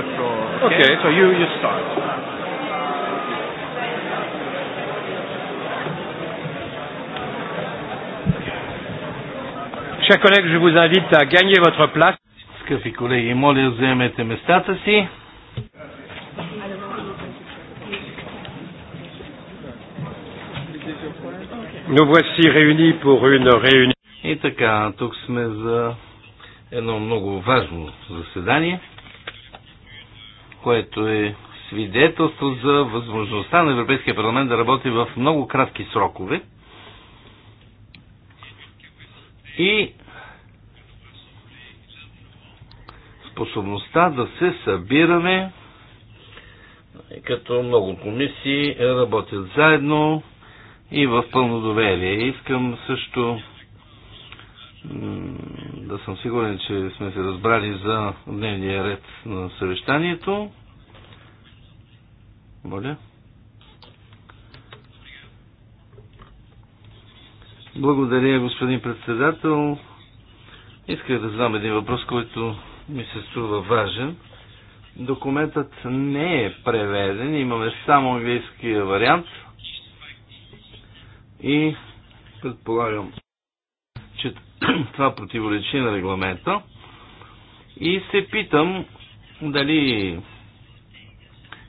the floor. Okay, okay so you, you start. Chers collègues, je vous invite à gagner votre place. Скъпи колеги, моля, вземете местата си. Nous voici réunis pour une réunion. И така, тук сме за едно много важно заседание което е свидетелство за възможността на Европейския парламент да работи в много кратки срокове. И способността да се събираме, като много комисии работят заедно и в пълно доверие. Искам също да съм сигурен, че сме се разбрали за дневния ред на съвещанието. Моля. Благодаря, господин председател. Исках да знам един въпрос, който ми се струва важен. Документът не е преведен, имаме само английския вариант и предполагам, това противоречи на регламента. И се питам дали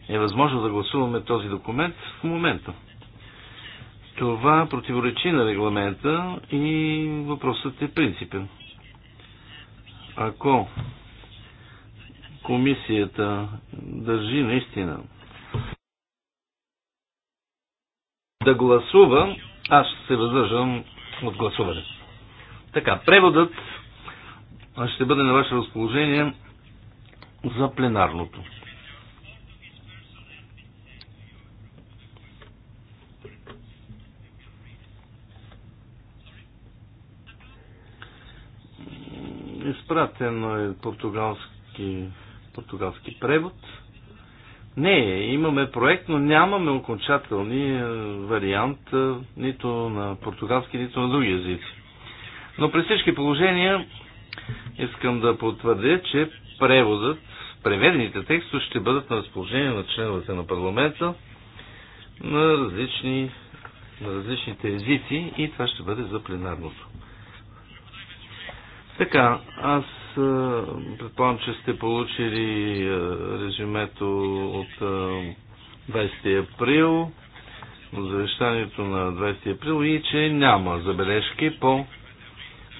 е възможно да гласуваме този документ в момента. Това противоречи на регламента и въпросът е принципен. Ако комисията държи наистина да гласува, аз ще се въздържам от гласуване. Така, преводът ще бъде на ваше разположение за пленарното. Изпратено е португалски, португалски превод. Не, имаме проект, но нямаме окончателни е, вариант е, нито на португалски, нито на други езици. Но при всички положения искам да потвърдя, че преводът, преведените текстове ще бъдат на разположение на членовете на парламента на, различни, на различните езици и това ще бъде за пленарното. Така, аз предполагам, че сте получили резюмето от 20 април, завещанието на 20 април и че няма забележки по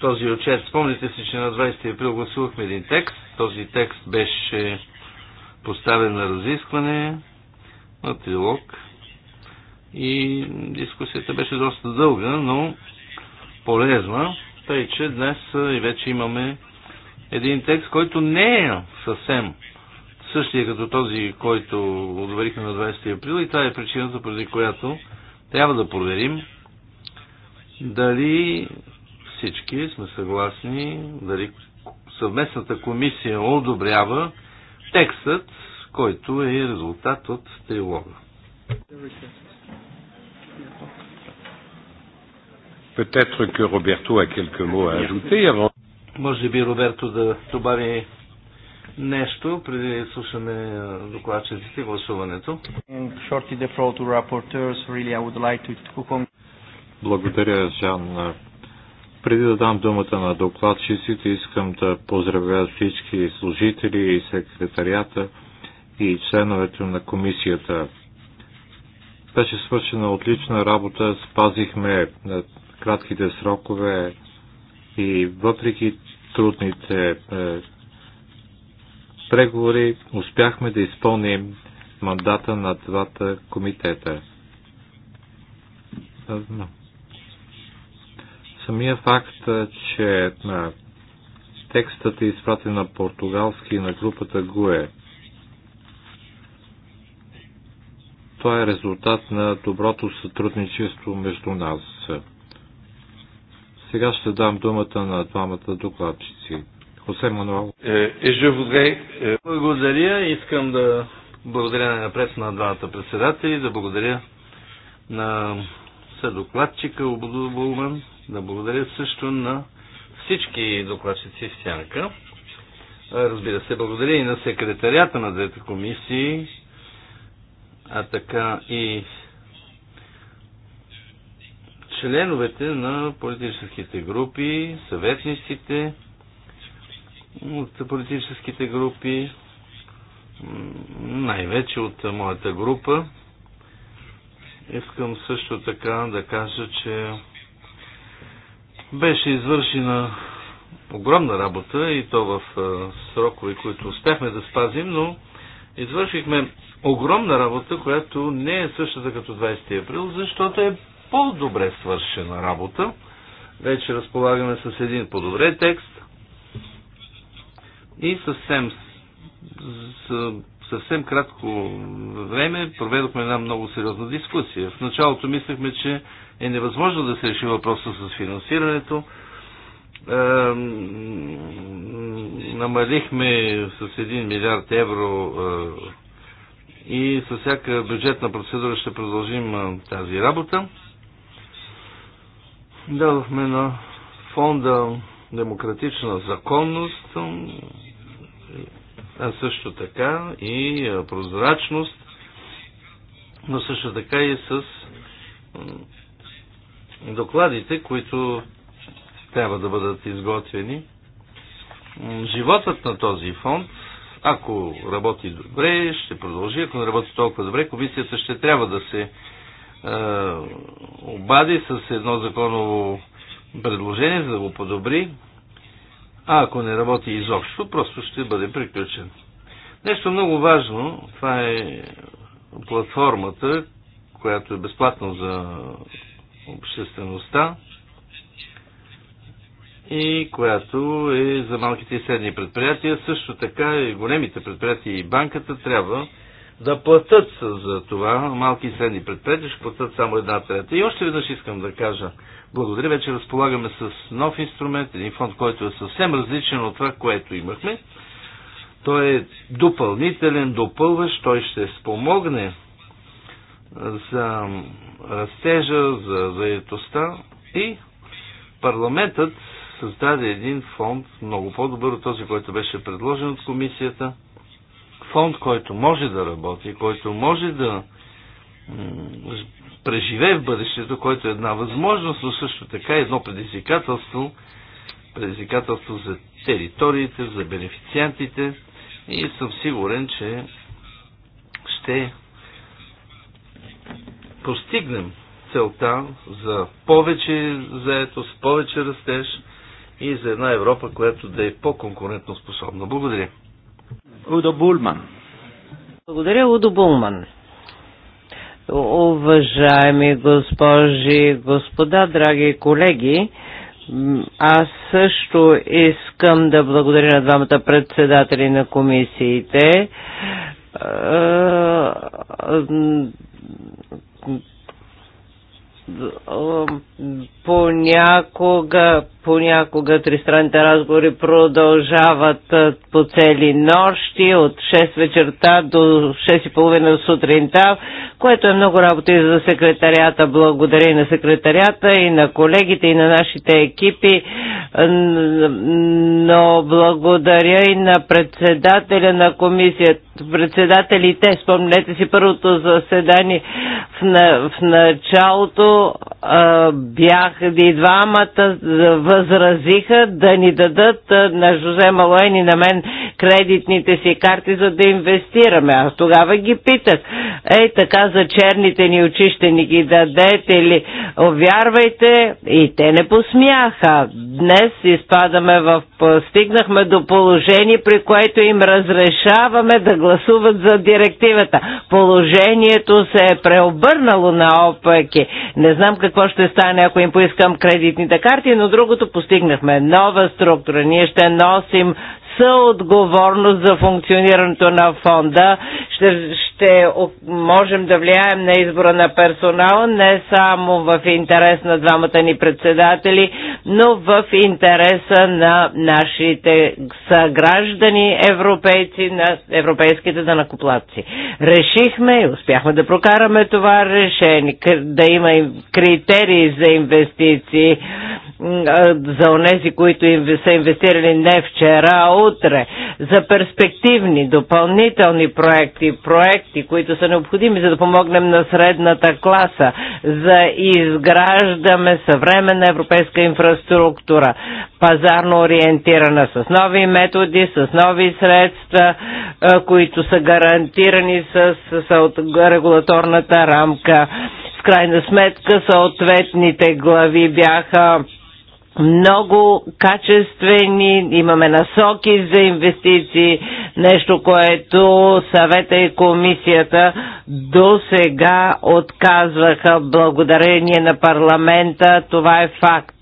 този отчет. Спомните си, че на 20 април гласувахме един текст. Този текст беше поставен на разискване, на трилог. И дискусията беше доста дълга, но полезна. Тъй, че днес и вече имаме един текст, който не е съвсем същия като този, който отворихме на 20 април и това е причината, поради която трябва да проверим дали всички сме съгласни дали съвместната комисия одобрява текстът, който е резултат от трилога. Може би Роберто да добави нещо преди да слушаме докладчиците и гласуването. Благодаря, Жан, преди да дам думата на докладчиците, искам да поздравя всички служители и секретарията и членовете на комисията. Беше свършена отлична работа, спазихме е, кратките срокове и въпреки трудните е, преговори успяхме да изпълним мандата на двата комитета. Е, самия факт, че на текстът е изпратен на португалски на групата ГУЕ. Той е резултат на доброто сътрудничество между нас. Сега ще дам думата на двамата докладчици. Хосе Мануал. Е, е, е, благодаря. Искам да благодаря напред на двамата председатели, да благодаря на съдокладчика Обудобулман да благодаря също на всички докладчици в сянка. Разбира се, благодаря и на секретарията на двете комисии, а така и членовете на политическите групи, съветниците от политическите групи, най-вече от моята група. Искам също така да кажа, че беше извършена огромна работа и то в срокове, които успяхме да спазим, но извършихме огромна работа, която не е същата като 20 април, защото е по-добре свършена работа. Вече разполагаме с един по-добре текст и съвсем съвсем кратко време проведохме една много сериозна дискусия. В началото мислехме, че е невъзможно да се реши въпроса с финансирането. Е, намалихме с 1 милиард евро е, и със всяка бюджетна процедура ще продължим е, тази работа. Дадохме на фонда демократична законност а също така и прозрачност, но също така и с докладите, които трябва да бъдат изготвени. Животът на този фонд, ако работи добре, ще продължи. Ако не работи толкова добре, комисията ще трябва да се е, обади с едно законово предложение, за да го подобри а ако не работи изобщо, просто ще бъде приключен. Нещо много важно, това е платформата, която е безплатна за обществеността и която е за малките и средни предприятия. Също така и големите предприятия и банката трябва да платят за това. Малки и средни предприятия ще платят само една трета. И още веднъж искам да кажа, благодаря, вече разполагаме с нов инструмент, един фонд, който е съвсем различен от това, което имахме. Той е допълнителен, допълващ, той ще спомогне за растежа, за заедостта и парламентът създаде един фонд, много по-добър от този, който беше предложен от комисията – фонд, който може да работи, който може да преживее в бъдещето, който е една възможност, но също така е едно предизвикателство, предизвикателство за териториите, за бенефициантите и съм сигурен, че ще постигнем целта за повече заетост, повече растеж и за една Европа, която да е по-конкурентно способна. Благодаря. Удо Булман. Благодаря, Удо Булман. Уважаеми госпожи господа, драги колеги, аз също искам да благодаря на двамата председатели на комисиите понякога понякога тристранните разговори продължават по цели нощи, от 6 вечерта до 6.30 сутринта, което е много работа и за секретарията. Благодаря и на секретарията, и на колегите, и на нашите екипи, но благодаря и на председателя на комисията, председателите. Спомнете си първото заседание в, на, в началото а, бях и двамата в възразиха да ни дадат на Жозе Малоен и на мен кредитните си карти, за да инвестираме. Аз тогава ги питах, ей така за черните ни очи ще ни ги дадете ли? Вярвайте, и те не посмяха. Днес изпадаме в стигнахме до положение, при което им разрешаваме да гласуват за директивата. Положението се е преобърнало наопаки. Не знам какво ще стане, ако им поискам кредитните карти, но другото постигнахме. Нова структура. Ние ще носим съотговорност за функционирането на фонда. Ще, ще можем да влияем на избора на персонала не само в интерес на двамата ни председатели, но в интереса на нашите съграждани европейци, на европейските данакоплатци. Решихме и успяхме да прокараме това решение, да има критерии за инвестиции за онези, които им са инвестирали не вчера, а утре, за перспективни, допълнителни проекти, проекти, които са необходими, за да помогнем на средната класа, за изграждаме съвременна европейска инфраструктура, пазарно ориентирана с нови методи, с нови средства, които са гарантирани с, с регулаторната рамка. В крайна сметка съответните глави бяха много качествени, имаме насоки за инвестиции, нещо, което съвета и комисията до сега отказваха благодарение на парламента. Това е факт.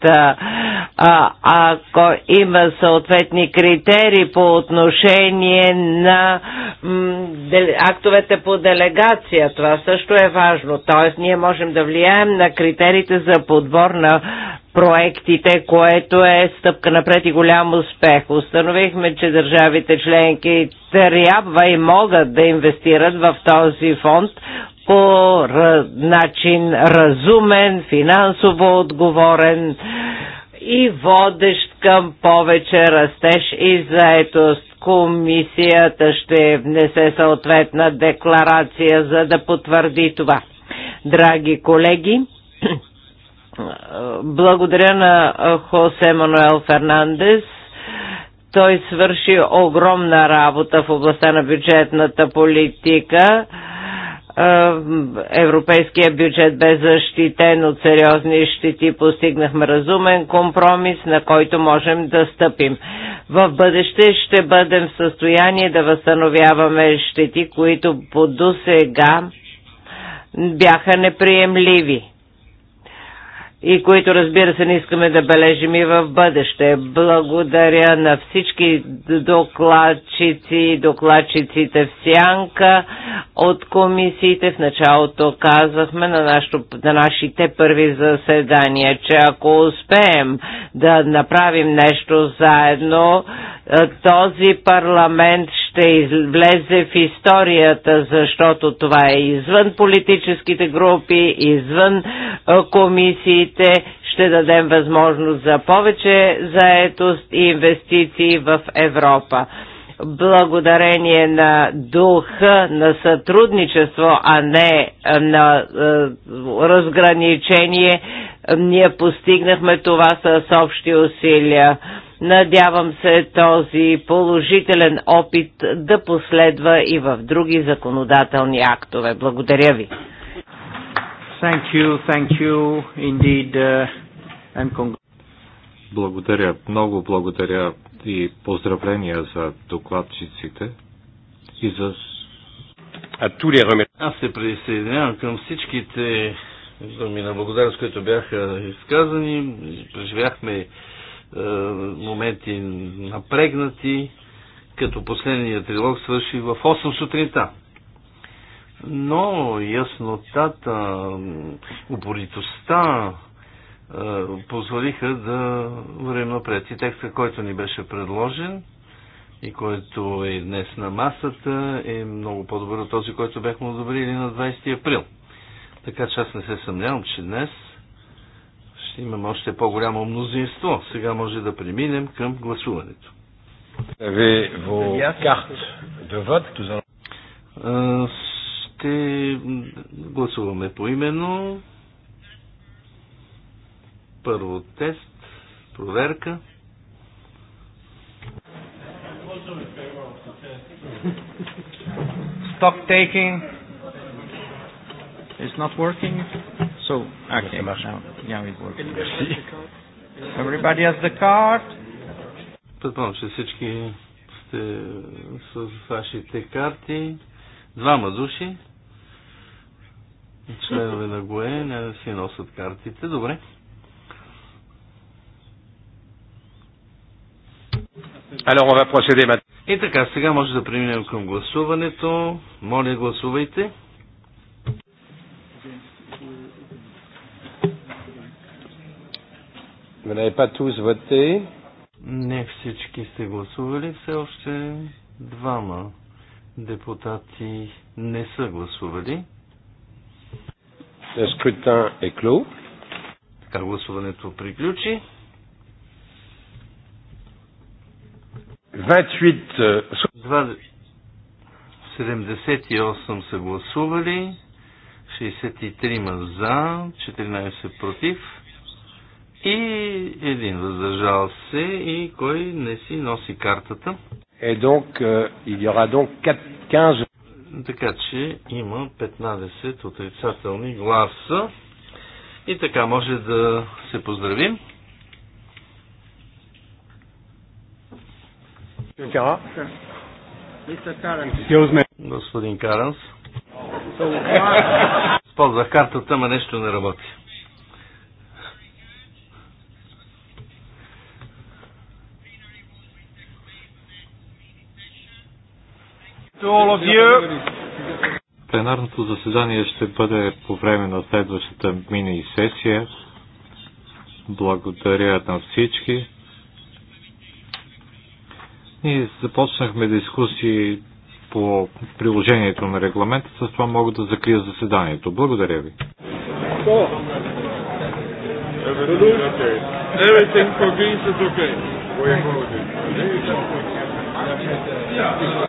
А, ако има съответни критерии по отношение на актовете по делегация, това също е важно. Тоест, ние можем да влияем на критериите за подбор на проектите, което е стъпка напред и голям успех. Установихме, че държавите членки трябва и могат да инвестират в този фонд по начин разумен, финансово отговорен и водещ към повече растеж и заетост. Комисията ще внесе съответна декларация, за да потвърди това. Драги колеги, благодаря на Хосе Мануел Фернандес. Той свърши огромна работа в областта на бюджетната политика европейския бюджет бе защитен от сериозни щети, постигнахме разумен компромис, на който можем да стъпим. В бъдеще ще бъдем в състояние да възстановяваме щети, които по досега бяха неприемливи и които разбира се не искаме да бележим и в бъдеще. Благодаря на всички докладчици, докладчиците в Сянка от комисиите. В началото казахме на, нашото, на нашите първи заседания, че ако успеем да направим нещо заедно, е, този парламент ще влезе в историята, защото това е извън политическите групи, извън комисиите, ще дадем възможност за повече заетост и инвестиции в Европа. Благодарение на духа на сътрудничество, а не на разграничение, ние постигнахме това с общи усилия. Надявам се този положителен опит да последва и в други законодателни актове. Благодаря ви. Thank you, thank you indeed, uh, and благодаря, много благодаря и поздравления за докладчиците и за... Е Аз се присъединявам към всичките думи на благодарност, които бяха изказани. Преживяхме е, моменти напрегнати, като последният трилог свърши в 8 сутринта но яснотата, упоритостта позволиха да вървим напред. И текста, който ни беше предложен и който е днес на масата, е много по-добър от този, който бяхме одобрили на 20 април. Така че аз не се съмнявам, че днес ще имаме още по-голямо мнозинство. Сега може да преминем към гласуването. Ви, в... Карт. de vote. Ще гласуваме поименно. Първо тест, проверка. Stock taking It's not working. So, okay, now, now it works. Everybody has the card. Предполагам, че всички сте с вашите карти. Двама души членове на ГОЕ не да си носят картите. Добре. Alors, on va procéder maintenant. И така, сега може да преминем към гласуването. Моля, гласувайте. Vous n'avez pas tous voté. Не всички сте гласували. Все още двама депутати не са гласували. Le scrutin е clos. Така гласуването приключи. 28... 78 euh, са гласували, 63 за, 14 против и един въздържал се и кой не си носи картата. Et donc, euh, il y aura donc 15... Така че има 15 отрицателни гласа. И така може да се поздравим. Господин Каранс. Използвах картата, ма нещо не работи. Пленарното заседание ще бъде по време на следващата мини-сесия. Благодаря на всички. Ние започнахме дискусии по приложението на регламента, с това мога да закрия заседанието. Благодаря ви. Everything for Greece is okay.